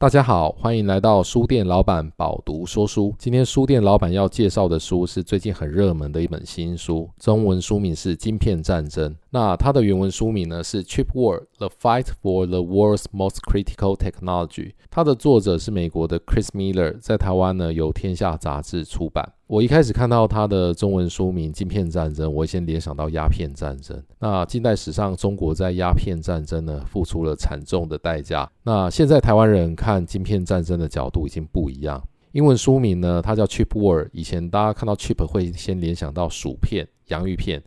大家好，歡迎來到書店老闆飽讀說書。今天書店老闆要介紹的書是最近很熱門的一本新書，中文書名是《晶片戰爭》。那它的原文書名呢是《Chip War: The Fight for the World's Most Critical Technology》。它的作者是美國的 Chris Miller，在台灣呢由天下雜誌出版。我一開始看到它的中文書名《晶片戰爭》，我先聯想到鴉片戰爭。那近代史上，中國在鴉片戰爭呢，付出了慘重的代價。那現在台灣人看晶片戰爭的角度已經不一樣。英文書名呢，它叫《Chip War》。以前大家看到 “chip” 會先聯想到薯片、洋芋片，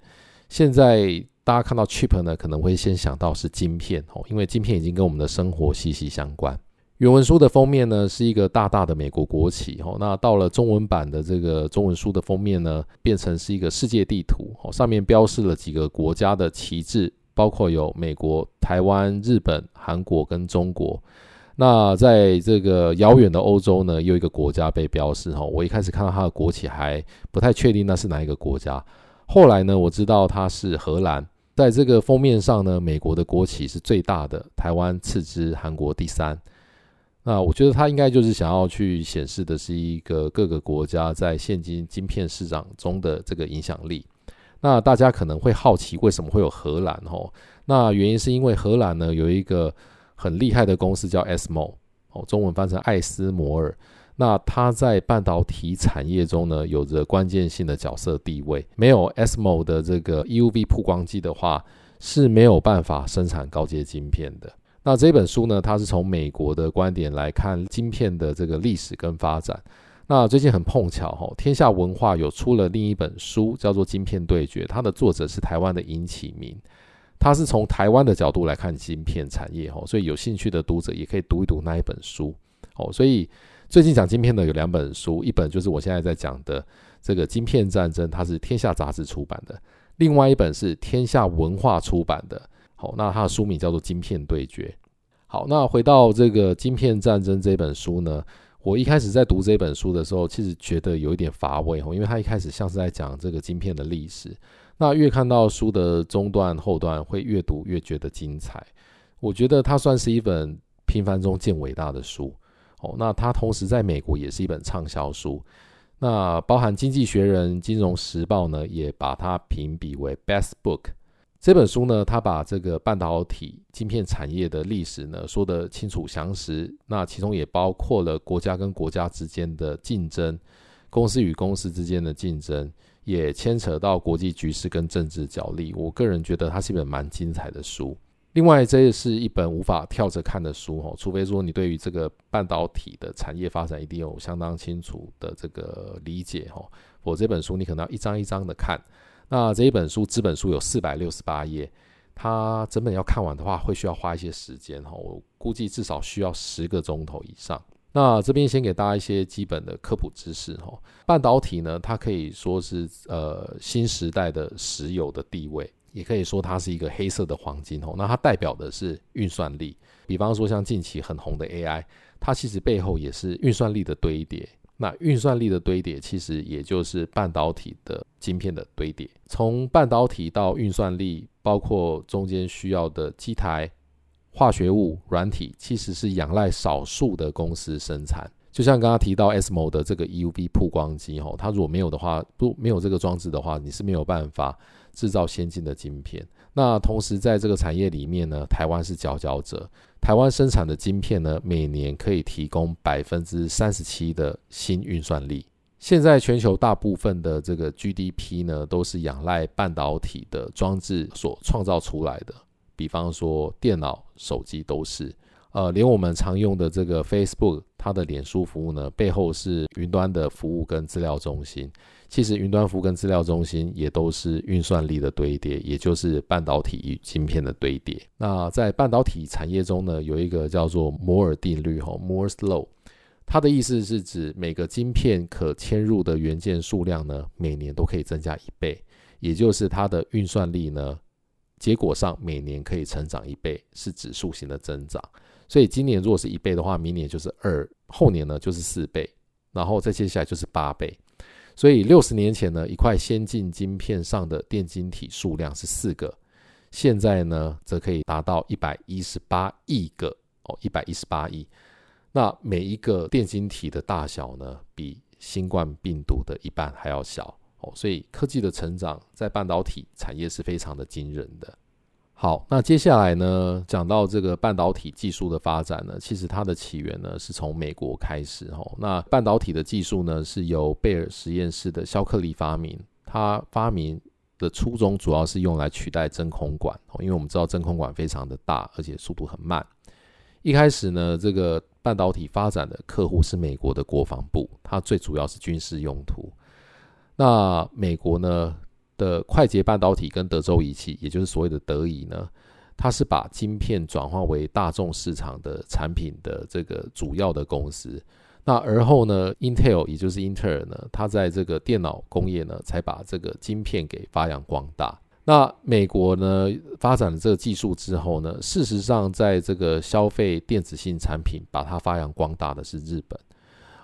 現在大家看到 “chip” 呢，可能會先想到是晶片哦，因為晶片已經跟我們的生活息息相關。原文書的封面呢，是一個大大的美國國旗哦。那到了中文版的這個中文書的封面呢，變成是一個世界地圖哦，上面標示了幾個國家的旗幟，包括有美國、台灣、日本、韓國跟中國。那在這個遙遠的歐洲呢，有一個國家被標示哦。我一開始看到它的國旗還不太確定那是哪一個國家，後來呢，我知道它是荷蘭。在這個封面上呢，美國的國旗是最大的，台灣次之，韓國第三。那我覺得它應該就是想要去顯示的是一個各個國家在現今晶片市場中的這個影響力。那大家可能會好奇為什麼會有荷蘭哦？那原因是因為荷蘭呢，有一個很厲害的公司叫 ASML 哦，中文翻成艾斯摩爾。那它在半導體產業中呢，有着關鍵性的角色地位。沒有 ASML 的這個 EUV 曝光機的話是沒有辦法生產高階晶片的。那這本書呢，它是從美國的觀點來看晶片的這個歷史跟發展。那最近很碰巧哈，天下文化有出了另一本書，叫做《晶片對決》，它的作者是台灣的尹啟明，他是從台灣的角度來看晶片產業哦，所以有興趣的讀者也可以讀一讀那一本書。哦，所以最近講晶片的有兩本書，一本就是我現在在講的這個《晶片戰爭》，它是天下雜誌出版的；另外一本是天下文化出版的。好，那他的書名叫做《晶片對決》。好，那回到這個《晶片戰爭》這本書呢，我一開始在讀這本書的時候，其實覺得有一點乏味，哦，因為他一開始像是在講這個晶片的歷史。那越看到書的中段、後段，會越讀越覺得精彩。我覺得它算是一本平凡中見偉大的書。哦，那它同時在美國也是一本暢銷書。那包含《經濟學人》《金融時報》呢，也把它評比為 Best Book。這本書呢，他把這個半導體晶片產業的歷史呢說得清楚詳實，那其中也包括了國家跟國家之間的競爭，公司與公司之間的競爭，也牽扯到國際局勢跟政治角力。我個人覺得它是一本蠻精彩的書。另外，這也是一本無法跳着看的書哦，除非說你對於這個半導體的產業發展一定有相當清楚的這個理解哦，否則這本書你可能要一章一章的看。那這一本書，這本書有四百六十八頁，它整本要看完的話，會需要花一些時間哈。我估計至少需要十個鐘頭以上。那這邊先給大家一些基本的科普知識哈。半導體呢，它可以說是呃新時代的石油的地位，也可以說它是一個黑色的黃金哦。那它代表的是運算力，比方說像近期很紅的 AI，它其實背後也是運算力的堆疊。那運算力的堆疊，其實也就是半導體的晶片的堆疊。從半導體到運算力，包括中間需要的機台、化學物、軟體，其實是仰賴少數的公司生產。就像剛剛提到 ASML 的這個 EUV 曝光機，吼，它如果沒有的話，不沒有這個裝置的話，你是沒有辦法制造先進的晶片。那同時，在這個產業裡面呢，台灣是佼佼者。台灣生產的晶片呢，每年可以提供百分之三十七的新運算力。現在全球大部分的這個 GDP 呢，都是仰賴半導體的裝置所創造出來的，比方說電腦、手機都是。呃，連我們常用的這個 Facebook，它的臉書服務呢，背後是雲端的服務跟資料中心。其實，雲端服跟資料中心也都是運算力的堆疊，也就是半導體與晶片的堆疊。那在半導體產業中呢，有一個叫做摩爾定律，哈，Moore's Law，它的意思是指每個晶片可嵌入的元件數量呢，每年都可以增加一倍，也就是它的運算力呢，結果上每年可以成長一倍，是指數型的增長。所以今年若是一倍的話，明年就是二，後年呢就是四倍，然後再接下來就是八倍。所以六十年前呢，一塊先進晶片上的電晶體數量是四個，現在呢，則可以達到一百一十八億個哦，一百一十八億。那每一個電晶體的大小呢，比新冠病毒的一半還要小哦。所以科技的成長在半導體產業是非常的驚人的。好，那接下來呢，講到這個半導體技術的發展呢，其實它的起源呢是從美國開始哦。那半導體的技術呢，是由貝爾實驗室的肖克利發明，他發明的初衷主要是用來取代真空管，因為我們知道真空管非常的大，而且速度很慢。一開始呢，這個半導體發展的客戶是美國的國防部，它最主要是軍事用途。那美國呢，的快捷半導體跟德州儀器，也就是所謂的德儀呢，它是把晶片轉化為大眾市場的產品的這個主要的公司。那而後呢，Intel，也就是英特爾呢，它在這個電腦工業呢，才把這個晶片給發揚光大。那美國呢，發展了這個技術之後呢，事實上在這個消費電子性產品把它發揚光大的是日本。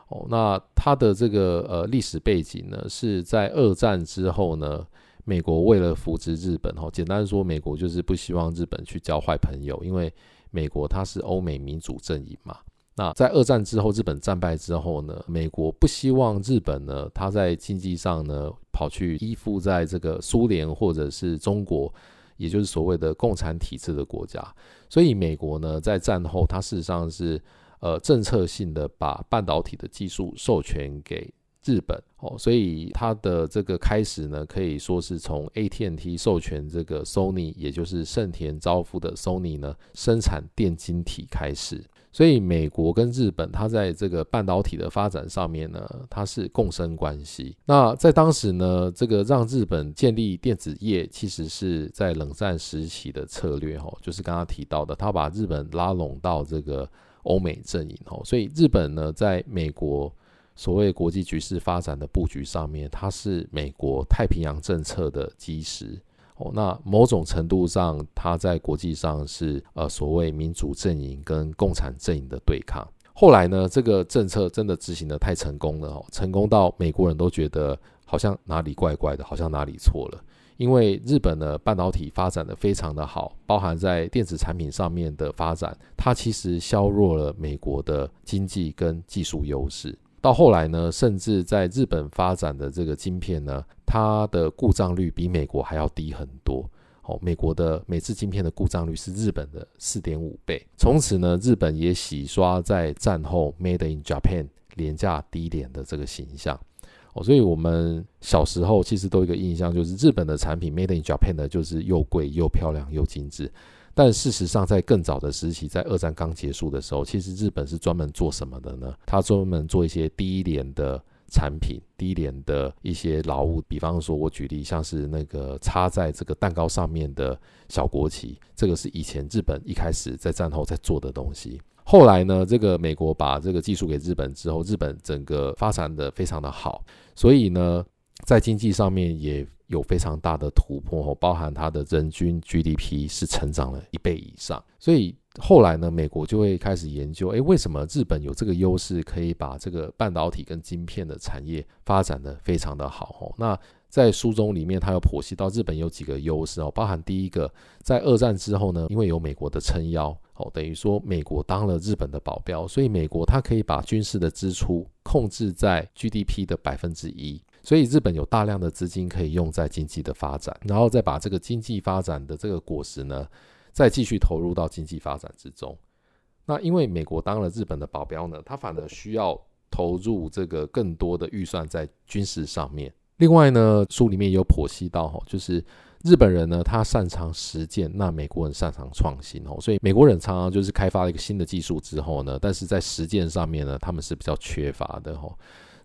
哦，那它的這個呃歷史背景呢，是在二戰之後呢。美國為了扶持日本，簡單說，美國就是不希望日本去交壞朋友，因為美國它是歐美民主陣營嘛。那在二戰之後，日本戰敗之後呢，美國不希望日本呢，它在經濟上呢跑去依附在這個蘇聯或者是中國，也就是所謂的共產體制的國家。所以美國呢，在戰後，它事實上是呃政策性的把半導體的技術授權給。日本哦，所以它的這個開始呢，可以說是從 AT&T 授權這個 Sony，也就是盛田昭夫的 Sony 呢生產電晶體開始。所以美國跟日本，它在這個半導體的發展上面呢，它是共生關係。那在當時呢，這個讓日本建立電子業，其實是在冷戰時期的策略哦，就是剛剛提到的，他把日本拉攏到這個歐美陣營哦，所以日本呢，在美國。所謂國際局勢發展的布局上面，它是美國太平洋政策的基石哦。那某種程度上，它在國際上是呃所謂民主陣營跟共產陣營的對抗。後來呢，這個政策真的執行的太成功了哦，成功到美國人都覺得好像哪裡怪怪的，好像哪裡錯了。因為日本的半導體發展的非常的好，包含在電子產品上面的發展，它其實削弱了美國的經濟跟技術優勢。到後來呢，甚至在日本發展的這個晶片呢，它的故障率比美國還要低很多。哦，美國的每次晶片的故障率是日本的四點五倍。從此呢，日本也洗刷在戰後 Made in Japan 廉價低廉的這個形象。哦，所以我們小時候其實都有一個印象，就是日本的產品 Made in Japan 的就是又貴又漂亮又精緻。但事實上，在更早的時期，在二戰剛結束的時候，其實日本是專門做什麼的呢？它專門做一些低廉的產品，低廉的一些勞務。比方說，我舉例，像是那個插在這個蛋糕上面的小國旗，這個是以前日本一開始在戰後在做的東西。後來呢，這個美國把這個技術給日本之後，日本整個發展的非常的好，所以呢，在經濟上面也有非常大的突破，包含它的人均 GDP 是成長了一倍以上，所以後來呢，美國就會開始研究，哎，為什麼日本有這個優勢，可以把這個半導體跟晶片的產業發展的非常的好？那在書中裡面，它有剖析到日本有幾個優勢哦，包含第一個，在二戰之後呢，因為有美國的撐腰，哦，等於說美國當了日本的保鏢，所以美國它可以把軍事的支出控制在 GDP 的百分之一。所以日本有大量的資金可以用在經濟的發展，然後再把這個經濟發展的這個果實呢，再繼續投入到經濟發展之中。那因為美國當了日本的保鏢呢，他反而需要投入這個更多的預算在軍事上面。另外呢，書裡面也有剖析到，吼，就是日本人呢，他擅長實踐，那美國人擅長創新，吼，所以美國人常常就是開發了一個新的技術之後呢，但是在實踐上面呢，他們是比較缺乏的吼。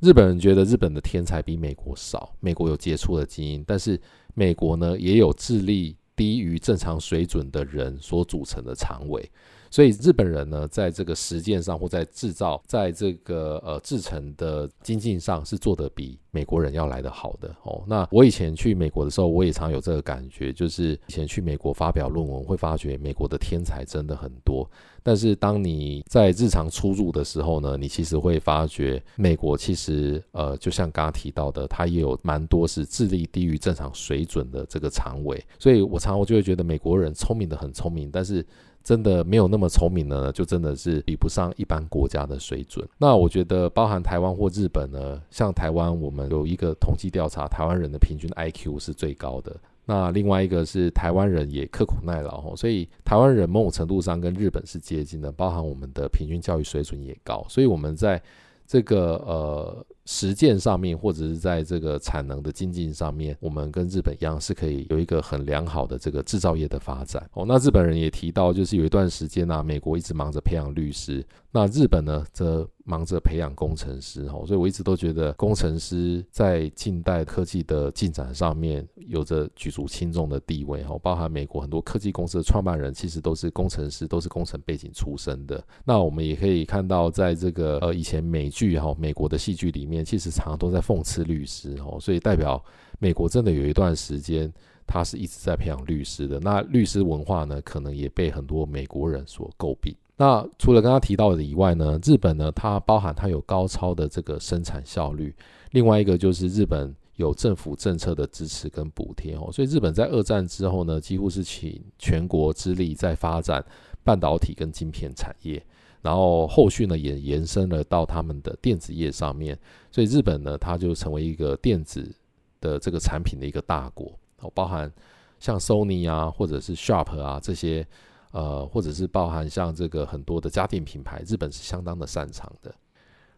日本人覺得日本的天才比美國少，美國有傑出的精英，但是美國呢也有智力低於正常水準的人所組成的長尾，所以日本人呢在這個實踐上或在制造，在這個呃製程的精進上是做得比美國人要來得好的哦。那我以前去美國的時候，我也常有這個感覺，就是以前去美國發表論文會發覺美國的天才真的很多。但是當你在日常出入的時候呢，你其實會發覺，美國其實呃，就像剛剛提到的，它也有蠻多是智力低於正常水準的這個常委。所以我常常我就會覺得美國人聰明的很聰明，但是真的沒有那麼聰明呢，就真的是比不上一般國家的水準。那我覺得包含台灣或日本呢，像台灣我們有一個統計調查，台灣人的平均 IQ 是最高的。那另外一個是台灣人也刻苦耐勞吼，所以台灣人某種程度上跟日本是接近的，包含我們的平均教育水準也高，所以我們在這個呃。實踐上面，或者是在這個產能的經濟上面，我們跟日本一樣是可以有一個很良好的這個制造業的發展。哦，那日本人也提到，就是有一段時間啊，美國一直忙着培養律師，那日本呢則忙着培養工程師。哦，所以我一直都覺得工程師在近代科技的進展上面有着舉足輕重的地位。哈、哦，包含美國很多科技公司的創辦人，其實都是工程師，都是工程背景出身的。那我們也可以看到，在這個呃以前美劇哈、哦、美國的戲劇裡面。面其實常常都在諷刺律師哦，所以代表美國真的有一段時間，他是一直在培養律師的。那律師文化呢，可能也被很多美國人所詬病。那除了剛剛提到的以外呢，日本呢，它包含它有高超的這個生產效率，另外一個就是日本有政府政策的支持跟補貼哦，所以日本在二戰之後呢，幾乎是傾全國之力在發展半導體跟晶片產業。然後後續呢也延伸了到他們的電子業上面，所以日本呢，它就成為一個電子的這個產品的一個大國，包含像 Sony 啊或者是 Sharp 啊這些，呃或者是包含像這個很多的家電品牌，日本是相當的擅長的。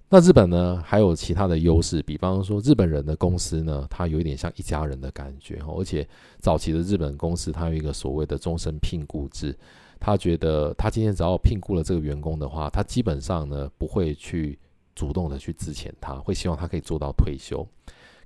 那日本呢還有其他的優勢，比方說日本人的公司呢，它有一點像一家人的感覺，而且早期的日本公司，它有一個所謂的終身聘僱制。他覺得，他今天只要聘僱了這個員工的話，他基本上呢不會去主動的去資遣，他會希望他可以做到退休。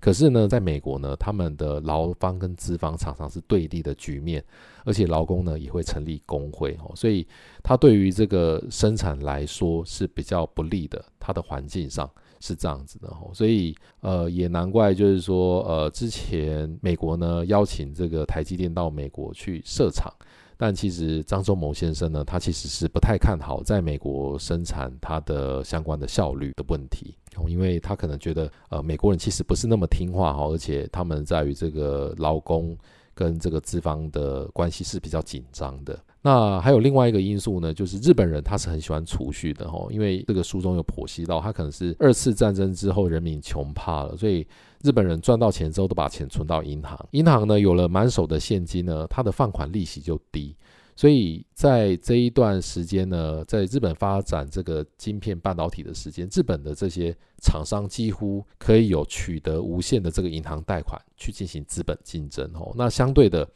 可是呢，在美國呢，他們的勞方跟資方常常是對立的局面，而且勞工呢也會成立工會哦，所以他對於這個生產來說是比較不利的。他的環境上是這樣子的，所以呃，也難怪就是說，呃，之前美國呢邀請這個台積電到美國去設廠。但其實張忠謀先生呢，他其實是不太看好在美國生產他的相關的效率的問題，因為他可能覺得，呃，美國人其實不是那麼聽話哈，而且他們在於這個勞工跟這個資方的關係是比較緊張的。那還有另外一個因素呢，就是日本人他是很喜歡儲蓄的吼、哦，因為這個書中有剖析到，他可能是二次戰爭之後人民窮怕了，所以日本人賺到錢之後都把錢存到銀行，銀行呢有了滿手的現金呢，它的放款利息就低，所以在這一段時間呢，在日本發展這個晶片半導體的時間，日本的這些廠商幾乎可以有取得無限的這個銀行貸款去進行資本競爭吼、哦，那相對的。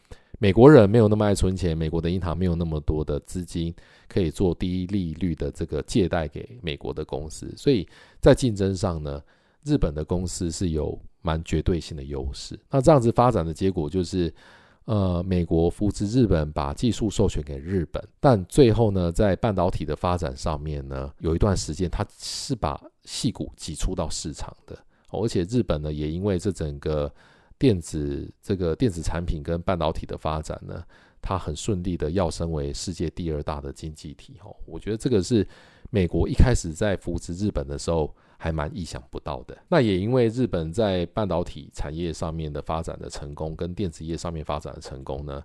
美國人沒有那麼愛存錢，美國的銀行沒有那麼多的資金可以做低利率的這個借貸給美國的公司，所以在競爭上呢，日本的公司是有蠻絕對性的優勢。那這樣子發展的結果就是，呃，美國扶持日本，把技術授權給日本，但最後呢，在半導體的發展上面呢，有一段時間它是把矽谷擠出到市場的，哦、而且日本呢也因爲這整個。電子這個電子產品跟半導體的發展呢，它很順利的躍升為世界第二大的經濟體。吼，我覺得這個是美國一開始在扶持日本的時候還蠻意想不到的。那也因為日本在半導體產業上面的發展的成功，跟電子業上面發展的成功呢。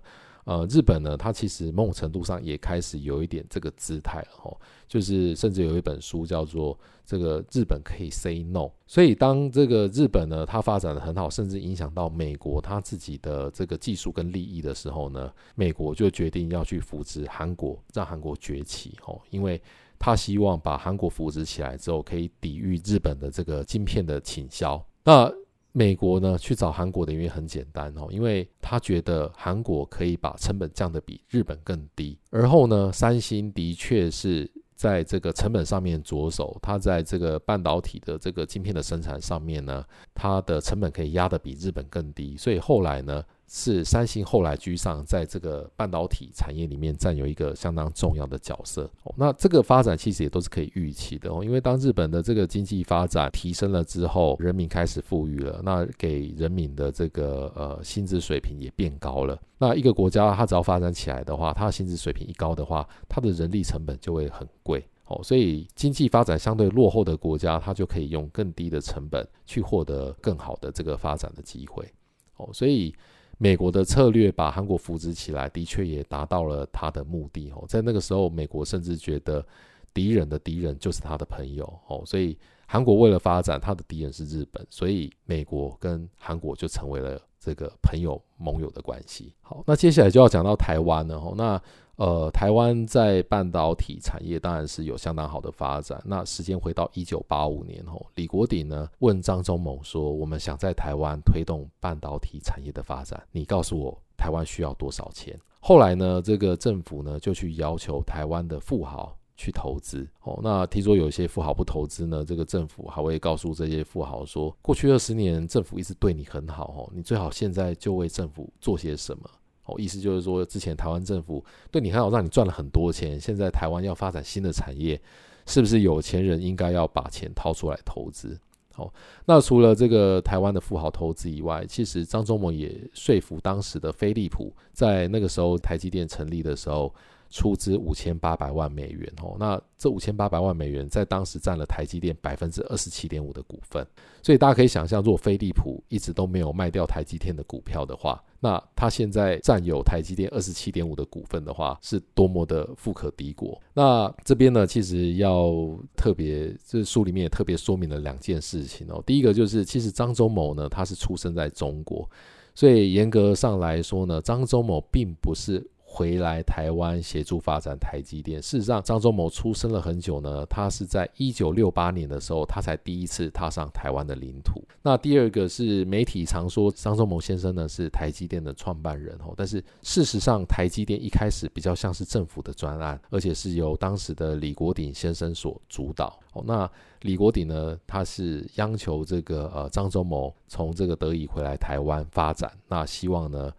呃，日本呢，它其實某種程度上也開始有一點這個姿態了吼、哦，就是甚至有一本書叫做《這個日本可以 say no》，所以當這個日本呢，它發展得很好，甚至影響到美國它自己的這個技術跟利益的時候呢，美國就決定要去扶持韓國，讓韓國崛起哦，因為他希望把韓國扶持起來之後，可以抵禦日本的這個晶片的傾銷。那美國呢，去找韓國的原因很簡單哦，因為他覺得韓國可以把成本降得比日本更低。而後呢，三星的確是在這個成本上面着手，它在這個半導體的這個晶片的生產上面呢，它的成本可以壓得比日本更低，所以後來呢。是三星後來居上，在這個半導體產業裡面佔有一個相當重要的角色。那這個發展其實也都是可以預期的哦，因為當日本的這個經濟發展提升了之後，人民開始富裕了，那給人民的這個呃薪資水平也變高了。那一個國家它只要發展起來的話，它的薪資水平一高的話，它的人力成本就會很貴。哦，所以經濟發展相對落後的國家，它就可以用更低的成本去獲得更好的這個發展的機會。哦，所以。美國的策略把韓國扶植起來，的確也達到了他的目的哦。在那個時候，美國甚至覺得敵人的敵人就是他的朋友哦，所以韓國為了發展，他的敵人是日本，所以美國跟韓國就成為了。這個朋友盟友的關係，好，那接下來就要講到台灣了。吼，那呃，台灣在半導體產業當然是有相當好的發展。那時間回到一九八五年吼，李國鼎呢問張忠謀說：“我們想在台灣推動半導體產業的發展，你告訴我台灣需要多少錢？”後來呢，這個政府呢就去要求台灣的富豪。去投資哦，那聽說有一些富豪不投資呢，這個政府還會告訴這些富豪說，過去二十年政府一直對你很好哦，你最好現在就為政府做些什麼哦，意思就是說，之前台灣政府對你很好，讓你賺了很多錢，現在台灣要發展新的產業，是不是有錢人應該要把錢掏出來投資？哦，那除了這個台灣的富豪投資以外，其實張忠謀也說服當時的飛利浦，在那個時候台積電成立的時候。出資五千八百萬美元哦，那這五千八百萬美元在當時占了台積電百分之二十七點五的股份，所以大家可以想象，如果飛利浦一直都沒有賣掉台積電的股票的話，那他現在占有台積電二十七點五的股份的話，是多麼的富可敵國。那這邊呢，其實要特別，這書裡面也特別說明了兩件事情哦。第一個就是，其實張忠謀呢，他是出生在中國，所以嚴格上來說呢，張忠謀並不是。回來台灣協助發展台積電。事實上，張忠謀出生了很久呢，他是在一九六八年的時候，他才第一次踏上台灣的領土。那第二個是媒體常說張忠謀先生呢是台積電的創辦人，但是事實上，台積電一開始比較像是政府的專案，而且是由當時的李國鼎先生所主導。那李國鼎呢，他是央求這個呃張忠謀從這個德儀回來台灣發展，那希望呢。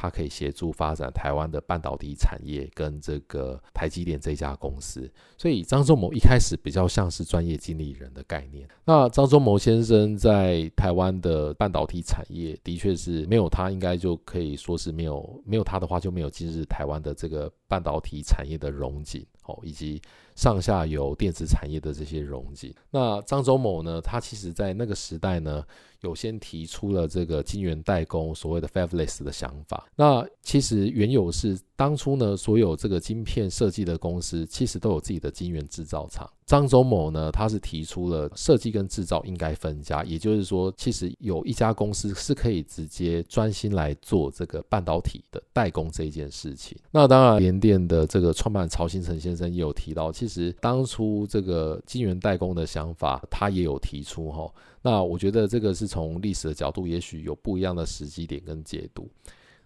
他可以協助發展台灣的半導體產業，跟這個台積電這家公司。所以張忠謀一開始比較像是專業經理人的概念。那張忠謀先生在台灣的半導體產業，的確是沒有他，應該就可以說是沒有，沒有他的話就沒有今日台灣的這個。半導體產業的榮景哦，以及上下游電子產業的這些榮景。那張忠謀呢？他其實在那個時代呢，有先提出了這個晶圓代工所謂的 Fabless 的想法。那其實原有是當初呢，所有這個晶片設計的公司其實都有自己的晶圓制造廠。張忠謀呢，他是提出了設計跟制造應該分家，也就是說，其實有一家公司是可以直接專心來做這個半導體的代工這一件事情。那當然店的這個創辦曹興誠先生也有提到，其實當初這個晶圓代工的想法，他也有提出哈。那我覺得這個是從歷史的角度，也許有不一樣的時機點跟解讀。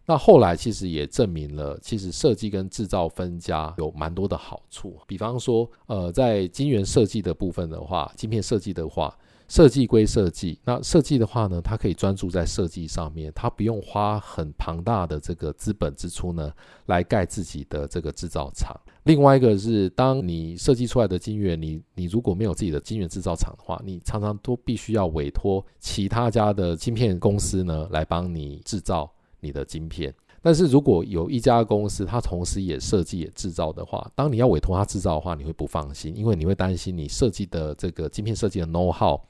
那後來其實也證明了，其實設計跟制造分家有蠻多的好處。比方說，呃，在晶圓設計的部分的話，晶片設計的話。設計歸設計，那設計的話呢，它可以專注在設計上面，它不用花很龐大的這個資本支出呢來蓋自己的這個製造廠。另外一個是，當你設計出來的晶圓，你你如果沒有自己的晶圓製造廠的話，你常常都必須要委託其他家的晶片公司呢來幫你製造你的晶片。但是如果有一家公司它同時也設計也製造的話，當你要委託它製造的話，你會不放心，因為你會擔心你設計的這個晶片設計的 know-how。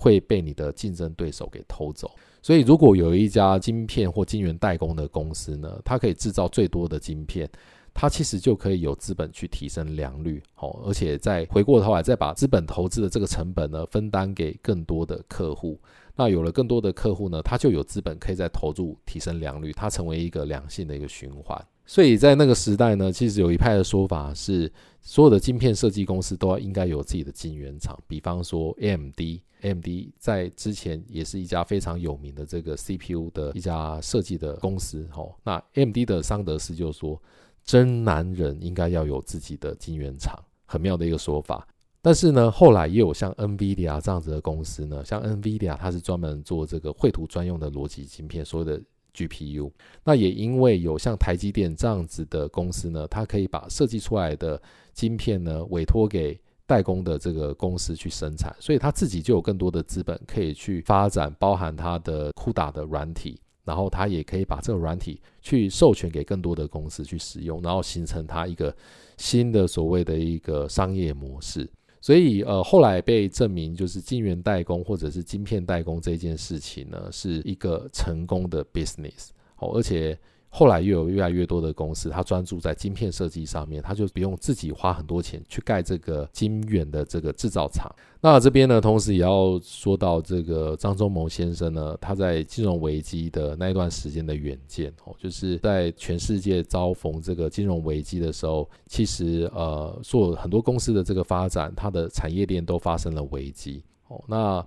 會被你的競爭對手給偷走，所以如果有一家晶片或晶圓代工的公司呢，它可以製造最多的晶片，它其實就可以有資本去提升良率，好，而且再回過頭來再把資本投資的這個成本呢分擔給更多的客戶，那有了更多的客戶呢，他就有資本可以再投入提升良率，它成為一個良性的一個循環。所以在那個時代呢，其實有一派的說法是，所有的晶片設計公司都要應該有自己的晶圓廠，比方說 AMD。AMD 在之前也是一家非常有名的這個 CPU 的一家設計的公司，吼。那 AMD 的桑德斯就是說，真男人應該要有自己的晶圓廠，很妙的一個說法。但是呢，後來也有像 NVIDIA 這樣子的公司呢，像 NVIDIA 它是專門做這個繪圖專用的邏輯芯片，所謂的 GPU。那也因為有像台積電這樣子的公司呢，它可以把設計出來的芯片呢委託給代工的這個公司去生產，所以他自己就有更多的資本可以去發展，包含他的 CUDA 的軟體，然後他也可以把這個軟體去授權給更多的公司去使用，然後形成他一個新的所謂的一個商業模式。所以呃，後來被證明就是晶圓代工或者是晶片代工這件事情呢，是一個成功的 business，哦。好，而且。後來又有越來越多的公司，他專注在晶片設計上面，他就不用自己花很多錢去蓋這個晶圓的這個制造廠。那這邊呢，同時也要說到這個張忠謀先生呢，他在金融危機的那一段時間的遠見哦，就是在全世界遭逢這個金融危機的時候，其實呃做很多公司的這個發展，它的產業鏈都發生了危機哦。那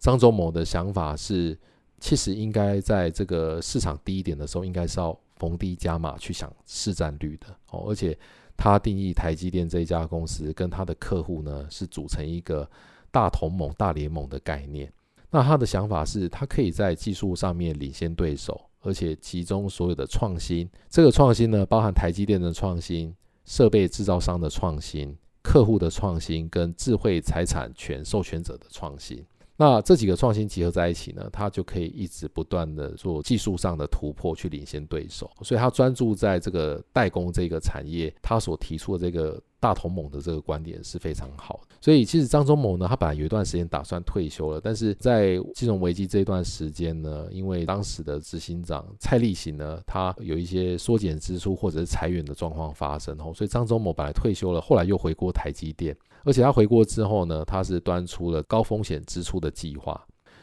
張忠謀的想法是，其實應該在這個市場低一點的時候，應該是要。逢低加碼去搶市佔率的哦，而且他定義台積電這一家公司跟他的客戶呢，是組成一個大同盟、大聯盟的概念。那他的想法是，他可以在技術上面領先對手，而且其中所有的創新，這個創新呢，包含台積電的創新、設備製造商的創新、客戶的創新跟智慧財產權授權者的創新。那這幾個創新結合在一起呢，他就可以一直不斷地做技術上的突破，去領先對手。所以他專注在這個代工這個產業，他所提出的這個大同盟的這個觀點是非常好的。所以其實張忠謀呢，他本來有一段時間打算退休了，但是在金融危機這段時間呢，因為當時的執行長蔡力行呢，他有一些縮減支出或者是裁員的狀況發生後，所以張忠謀本來退休了，後來又回鍋台積電。而且他回國之後呢，他是端出了高風險支出的計劃，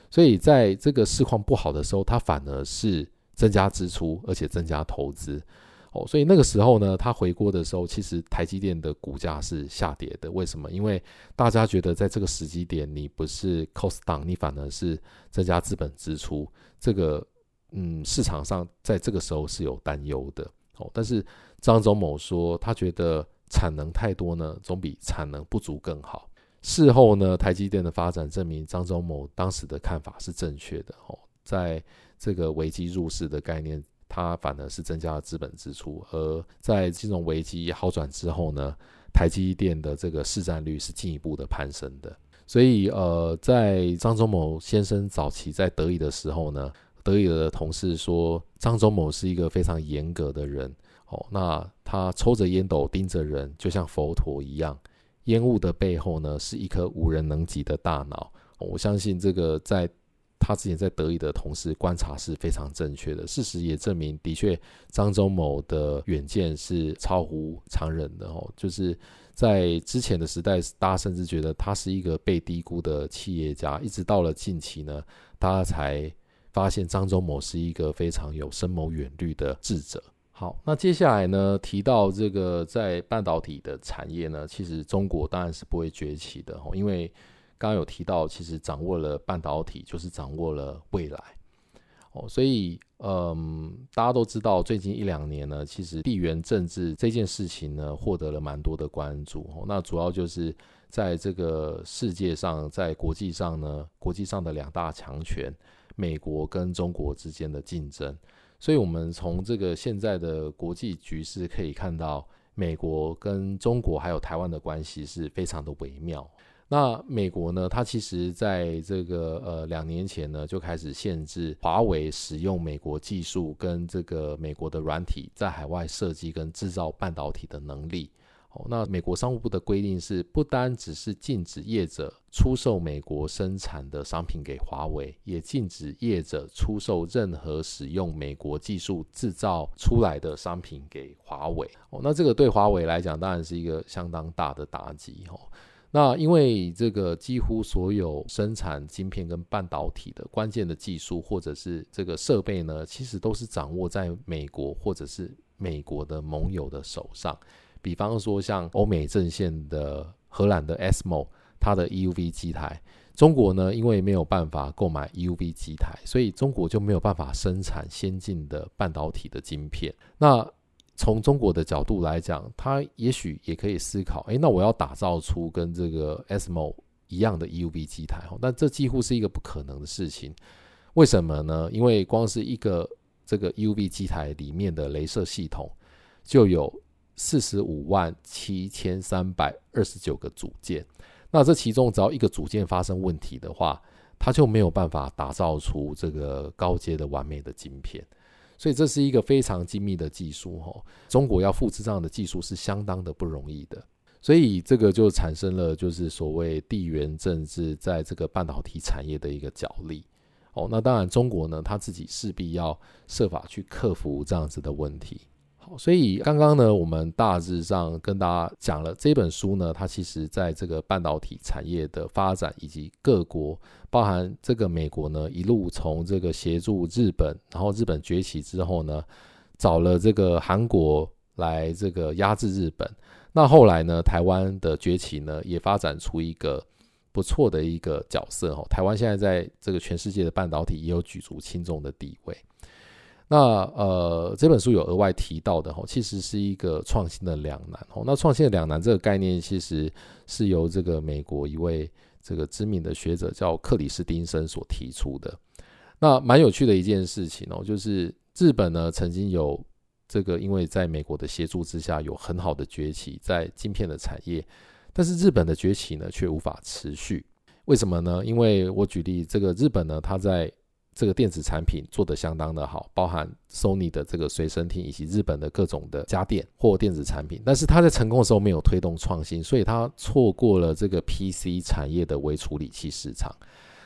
所以在這個市況不好的時候，他反而是增加支出，而且增加投資，哦，所以那個時候呢，他回國的時候，其實台積電的股價是下跌的。為什麼？因為大家覺得在這個時機點，你不是 cost down，你反而是增加資本支出，這個嗯，市場上在這個時候是有擔憂的。哦，但是張忠謀說，他覺得。產能太多呢，總比產能不足更好。事後呢，台積電的發展證明張忠謀當時的看法是正確的哦。在這個危機入市的概念，它反而是增加了資本支出。而在金融危機好轉之後呢，台積電的這個市占率是進一步的攀升的。所以呃，在張忠謀先生早期在德儀的時候呢，德儀的同事說張忠謀是一個非常嚴格的人。那他抽着煙斗盯着人，就像佛陀一樣。煙霧的背後呢，是一顆無人能及的大腦。我相信這個，在他之前在德儀的同事觀察是非常正確的。事實也證明，的確張忠謀的遠見是超乎常人的。哦，就是在之前的時代，大家甚至覺得他是一個被低估的企業家。一直到了近期呢，大家才發現張忠謀是一個非常有深謀遠慮的智者。好，那接下來呢？提到這個在半導體的產業呢，其實中國當然是不會崛起的，因為剛剛有提到，其實掌握了半導體就是掌握了未來哦。所以，嗯，大家都知道，最近一兩年呢，其實地緣政治這件事情呢，獲得了蠻多的關注。那主要就是在這個世界上，在國際上呢，國際上的兩大強權，美國跟中國之間的競爭。所以我們從這個現在的國際局勢可以看到，美國跟中國還有台灣的關係是非常的微妙。那美國呢，它其實在這個呃兩年前呢就開始限制華為使用美國技術跟這個美國的軟體在海外設計跟製造半導體的能力。那美國商務部的規定是，不單只是禁止業者出售美國生產的商品給華為，也禁止業者出售任何使用美國技術製造出來的商品給華為。那這個對華為來講，當然是一個相當大的打擊。吼，那因為這個幾乎所有生產晶片跟半導體的關鍵的技術或者是這個設備呢，其實都是掌握在美國或者是美國的盟友的手上。比方說，像歐美陣線的荷蘭的 ASML 它的 EUV 機台，中國呢，因為沒有辦法購買 EUV 機台，所以中國就沒有辦法生產先進的半導體的晶片。那從中國的角度來講，它也許也可以思考：哎、欸，那我要打造出跟這個 ASML 一樣的 EUV 機台，但這幾乎是一個不可能的事情。為什麼呢？因為光是一個這個 EUV 機台裡面的雷射系統就有，四十五萬七千三百二十九個組件，那這其中只要一個組件發生問題的話，它就沒有辦法打造出這個高階的完美的晶片，所以這是一個非常精密的技術哦。中國要複製這樣的技術是相當的不容易的，所以這個就產生了就是所謂地緣政治在這個半導體產業的一個角力哦。那當然，中國呢，他自己勢必要設法去克服這樣子的問題。所以剛剛呢，我們大致上跟大家講了這本書呢，它其實在這個半導體產業的發展，以及各國，包含這個美國呢，一路從這個協助日本，然後日本崛起之後呢，找了這個韓國來這個壓制日本。那後來呢，台灣的崛起呢，也發展出一個不錯的一個角色哦。台灣現在在這個全世界的半導體也有舉足輕重的地位。那呃，這本書有額外提到的哈，其實是一個創新的兩難哦。那創新的兩難這個概念，其實是由這個美國一位這個知名的學者叫克里斯汀森所提出的。那蠻有趣的一件事情哦，就是日本呢曾經有這個，因為在美國的協助之下，有很好的崛起在晶片的產業，但是日本的崛起呢卻無法持續。為什麼呢？因為我舉例這個日本呢，它在這個電子產品做的相當的好，包含 Sony 的這個隨身聽以及日本的各種的家電或電子產品，但是他在成功的時候沒有推動創新，所以他錯過了這個 PC 產業的微處理器市場。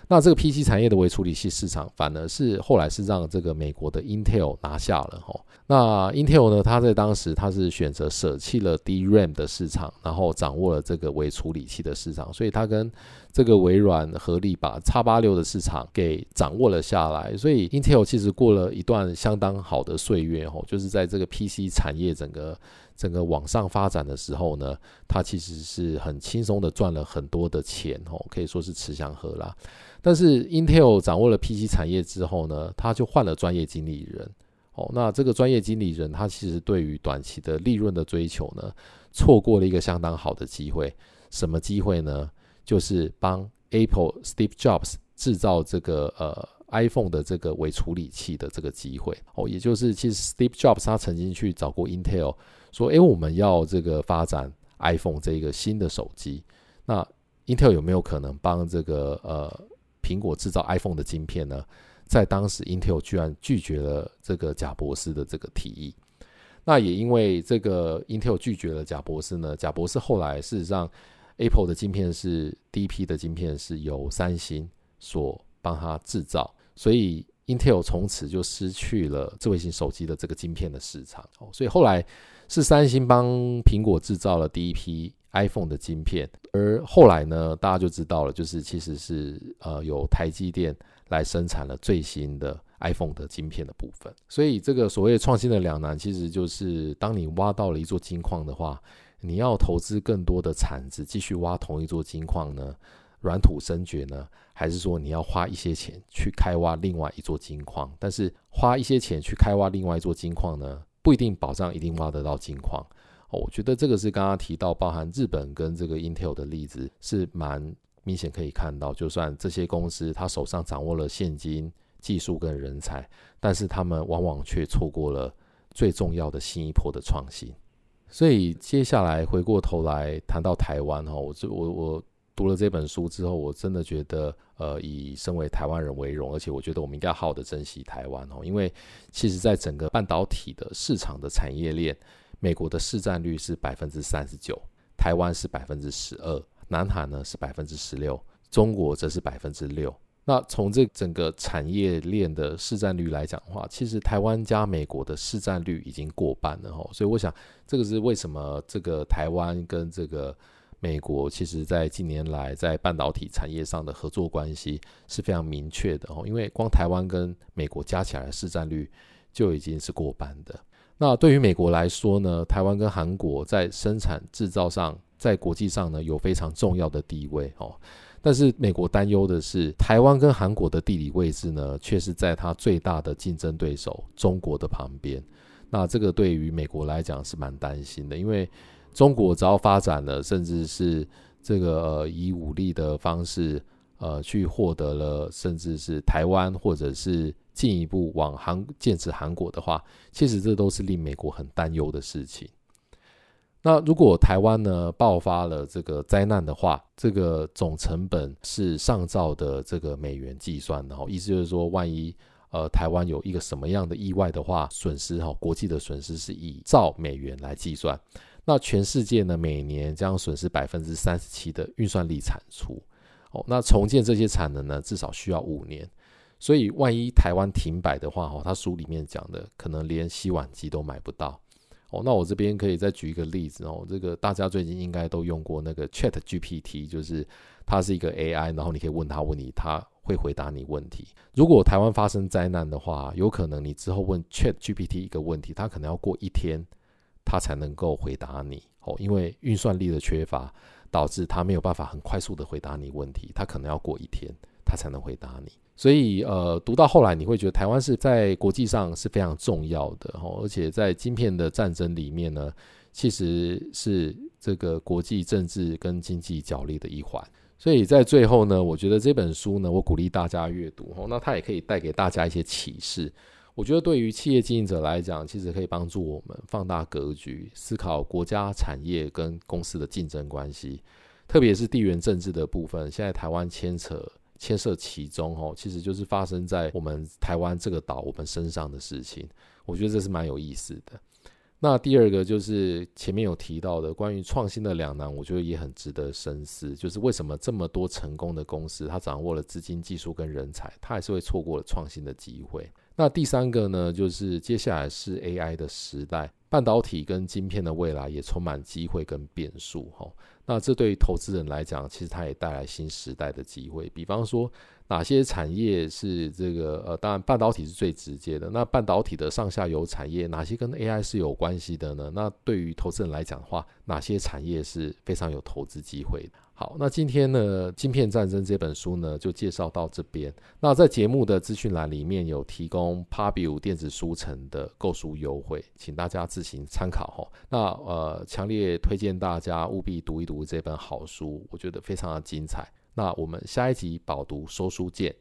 那這個 PC 產業的微處理器市場反而是後來是讓這個美國的 Intel 拿下了吼。那 Intel 呢，他在當時他是選擇舍棄了 DRAM 的市場，然後掌握了這個微處理器的市場，所以他跟這個微軟合力把 X86 的市場給掌握了下來。所以 Intel 其實過了一段相當好的歲月吼，就是在這個 PC 產業整個整個往上發展的時候呢，他其實是很輕鬆的賺了很多的錢吼，可以說是吃香喝辣。但是 Intel 掌握了 PC 產業之後呢，他就換了專業經理人。哦，那這個專業經理人他其實對於短期的利潤的追求呢，錯過了一個相當好的機會。什麼機會呢？就是幫 Apple Steve Jobs 製造這個呃 iPhone 的這個微處理器的這個機會。哦，也就是其實 Steve Jobs 他曾經去找過 Intel，說：誒、欸，我們要這個發展 iPhone 這個新的手機，那 Intel 有沒有可能幫這個呃？蘋果製造 iPhone 的晶片呢，在當時 Intel 居然拒絕了這個賈博士的這個提議。那也因為這個 Intel 拒絕了賈博士呢，賈博士後來事實上 Apple 的晶片是第一批的晶片是由三星所幫他製造，所以 Intel 從此就失去了智慧型手機的這個晶片的市場。哦，所以後來是三星幫蘋果製造了第一批。iPhone 的晶片，而後來呢，大家就知道了，就是其實是呃有台積電來生產了最新的 iPhone 的晶片的部分。所以這個所謂創新的兩難，其實就是當你挖到了一座金礦的話，你要投資更多的鏟子，繼續挖同一座金礦呢，軟土深掘呢，還是說你要花一些錢去開挖另外一座金礦？但是花一些錢去開挖另外一座金礦呢，不一定保障一定挖得到金礦。我覺得這個是剛剛提到，包含日本跟這個 Intel 的例子，是蠻明顯可以看到，就算這些公司他手上掌握了現金、技術跟人才，但是他們往往卻錯過了最重要的新一波的創新。所以接下來回過頭來談到台灣哈，我就我我讀了這本書之後，我真的覺得，呃，以身為台灣人為榮，而且我覺得我們應該要好好的珍惜台灣哦，因為其實在整個半導體的市場的產業鏈。美國的市佔率是百分之三十九，台灣是百分之十二，南韓呢是百分之十六，中國則是百分之六。那從這整個產業鏈的市佔率來講的話，其實台灣加美國的市佔率已經過半了哈。所以我想，這個是為什麼這個台灣跟這個美國其實在近年來在半導體產業上的合作關係是非常明確的哦，因為光台灣跟美國加起來的市佔率就已經是過半的。那對於美國來說呢，台灣跟韓國在生產製造上，在國際上呢有非常重要的地位哦。但是美國擔憂的是，台灣跟韓國的地理位置呢，卻是在它最大的競爭對手中國的旁邊。那這個對於美國來講是蠻擔心的，因為中國只要發展了，甚至是這個，呃，以武力的方式，呃，去獲得了，甚至是台灣或者是。進一步往韓建設韓國的話，其實這都是令美國很擔憂的事情。那如果台灣呢爆發了這個災難的話，這個總成本是上兆的這個美元計算的，哦，然後意思就是說，萬一呃台灣有一個什麼樣的意外的話，損失哈、哦、國際的損失是以兆美元來計算。那全世界呢每年將損失百分之三十七的運算力產出。哦，那重建這些產能呢，至少需要五年。所以，萬一台灣停擺的話，哦，他書裡面講的，可能連洗碗機都買不到。哦，那我這邊可以再舉一個例子哦，這個大家最近應該都用過那個 ChatGPT，就是它是一個 AI，然後你可以問他問題，他會回答你問題。如果台灣發生災難的話，有可能你之後問 ChatGPT 一個問題，他可能要過一天，他才能夠回答你。哦，因為運算力的缺乏，導致他沒有辦法很快速的回答你問題，他可能要過一天，他才能回答你。所以，呃，讀到後來你會覺得台灣是在國際上是非常重要的，吼，而且在晶片的戰爭裡面呢，其實是這個國際政治跟經濟角力的一環。所以在最後呢，我覺得這本書呢，我鼓勵大家閱讀，吼，那它也可以帶給大家一些啟示。我覺得對於企業經營者來講，其實可以幫助我們放大格局，思考國家產業跟公司的競爭關係，特別是地緣政治的部分。現在台灣牽扯。牽涉其中，其實就是發生在我們台灣這個島，我們身上的事情，我覺得這是蠻有意思的。那第二個就是前面有提到的關於創新的兩難，我覺得也很值得深思，就是為什麼這麼多成功的公司，他掌握了資金、技術跟人才，他還是會錯過了創新的機會？那第三個呢，就是接下來是 AI 的時代，半導體跟晶片的未來也充滿機會跟變數，那這對於投資人來講，其實它也帶來新時代的機會。比方說，哪些產業是這個呃，當然半導體是最直接的。那半導體的上下游產業，哪些跟 AI 是有關係的呢？那對於投資人來講的話，哪些產業是非常有投資機會的？好，那今天呢，《晶片戰爭》這本書呢，就介紹到這邊。那在節目的資訊欄裡面有提供 Pubu 電子書城的購書優惠，請大家自行參考哈、哦。那呃，強烈推薦大家務必讀一讀這本好書，我覺得非常的精彩。那我們下一集飽讀說書見。